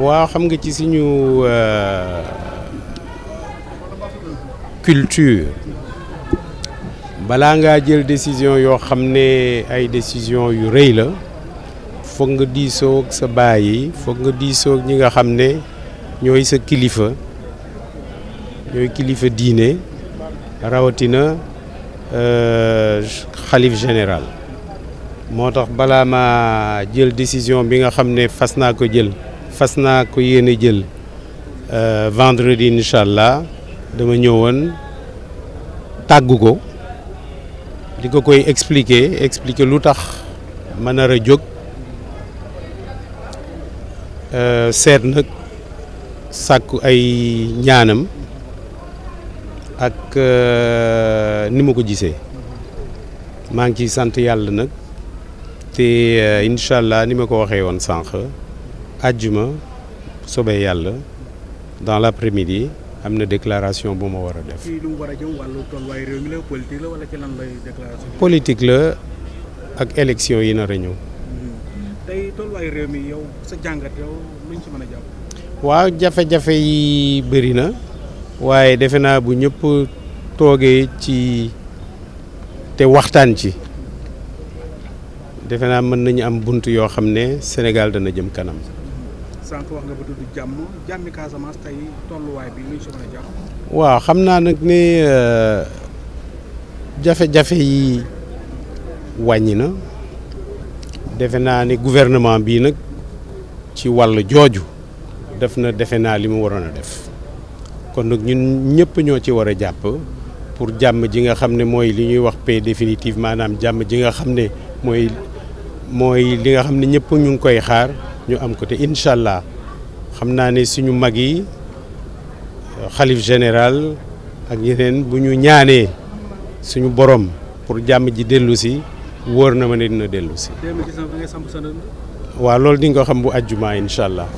waaw xam nga ci suñu euh, culture balaa ngaa jël décision yoo xam ne ay décision yu rëy la foog nga diisoo sa baay yi foog nga diisoo ak ñi nga xam ne ñooy sa kilifa ñooy kilifa diine rawatina euh, xalif général moo tax balaa ma jël décision bi nga xam ne fas naa ko jël fas naa ko yéene jël euh, vendredi incha allah dama ñëwoon tàggu ko di ko koy expliquer expliquer lu tax ma nar a jóg euh, seet nag sàkku ay ñaanam ak euh, ni ma ko gisee maa ngi ciy sant yàlla nag te incha allah ni ma ko waxee woon sànq. àjjuma sobee yàlla dans la l'après-midi am na déclaration bu ma war a def. lu war a jëm wàllu tolluwaayu réew mi la politique la ak élection yi nar a hmm. réew mi yow jàngat waaw jafe-jafe yi bëri na waaye defe naa bu ñëpp toogee ci te waxtaan ci. defe naa mën nañu am bunt yoo xam ne Sénégal dana jëm kanam. sànq wax nga ba jàmm jàmmi Casamance tey tolluwaay waaw xam naa nag ne euh, jafe-jafe yi wàññi na defe naa ni gouvernement bii nag ci wàll jooju def na defe naa li mu waroon a def kon nag ñun ñëpp ñoo ci war a jàpp pour jàmm ji nga xam ne mooy li ñuy wax paix définitive maanaam jàmm ji nga xam ne mooy mooy li nga xam ne ñëpp ñu ngi koy xaar. ñu am ko te incha allah xam naa ne suñu mag yi xalif général ak yeneen bu ñu ñaanee suñu borom pour jàmm ji dellu si wóor na ma ne dina dellu si. waaw loolu di ko xam bu àjjuma incha allah.